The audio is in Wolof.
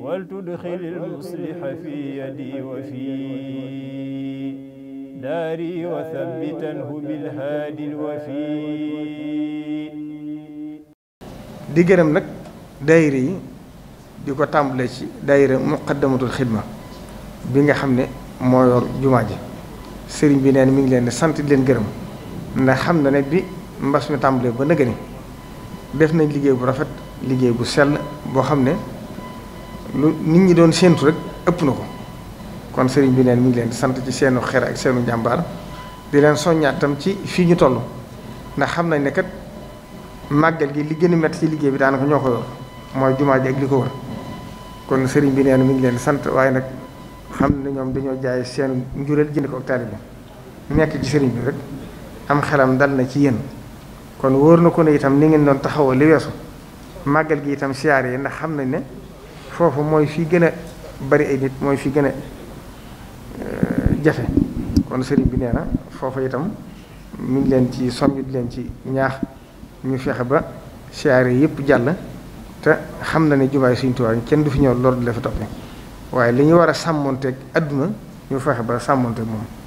ولتدخل المصلح في يدي وفي داري وثبتنه بالهادي الوفي di gërëm nag daayira di ko tàmbale ci daayira muqaddamatul xidma bi nga xam ne moo jumaa ji sëriñ bi neen mi ngi leen di sant di leen gërëm ndax xam na ne bi mbas mi tàmbalee ba nëgëni def nañ liggéey bu rafet liggéey bu sell boo xam ne lu nit ñi doon séentu rek ëpp na ko kon sëriñ bi neen mi ngi leen di sant ci seenu xer ak seenu njàmbaar di leen soññaat tam ci fii ñu toll ndax xam nañ ne kat màggal gi li gën a métti ci liggéey bi daanaka ñoo ko mooy jumaa ji ko wër kon sëriñ bi neen mi ngi leen sant waaye nag xam na ñoom dañoo jaay seen njureel jënd ko ak taalibe bi nekk ci sëriñ bi rek am xelam dal na ci yéen kon wóor na ko ne itam ni ngeen doon taxawoo li weesu màggal gi itam siyaar yi ndax xam na ne foofu mooy fi gën a bari ay nit mooy fi gën a euh, jafe kon sëriñ bi nee foofa itam mi leen ci soññ leen ci ñaax ñu fexe ba siyaare yëpp jàll te xam na ne jubaay Sëriñ Tuubaa kenn du fi ñëw lor di la waaye li ñu war a sàmmonteeg àdduna ñu fexe ba sàmmonteeg moom